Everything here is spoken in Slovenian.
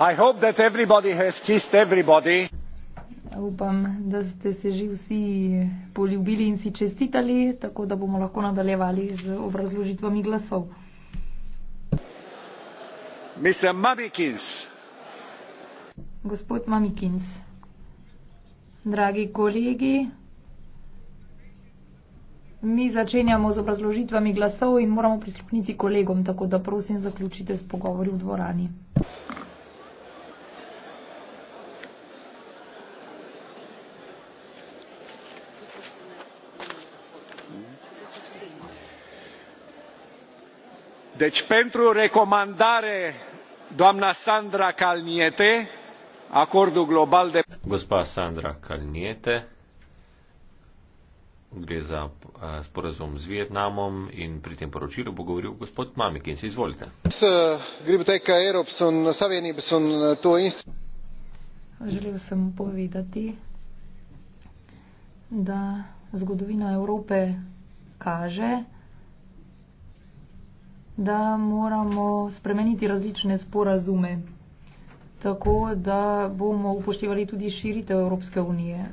I hope that everybody has kissed everybody. Upam, da ste se že vsi poljubili in si čestitali, tako da bomo lahko nadaljevali z obrazložitvami glasov. Mr. Mamikins. Gospod Mamikins. Dragi kolegi, mi začenjamo z obrazložitvami glasov in moramo prisluhniti kolegom, tako da prosim zaključite s pogovori v dvorani. deci pentru recomandare doamna Sandra Calniete, acordul global de. Gospa Sandra Calniete, gre za sporazum z Vietnamom in pri tem poročilu bo govoril gospod Mamik in si izvolite. Želel sem povedati, da zgodovina Evrope kaže, da moramo spremeniti različne sporazume, tako da bomo upoštevali tudi širitev Evropske unije.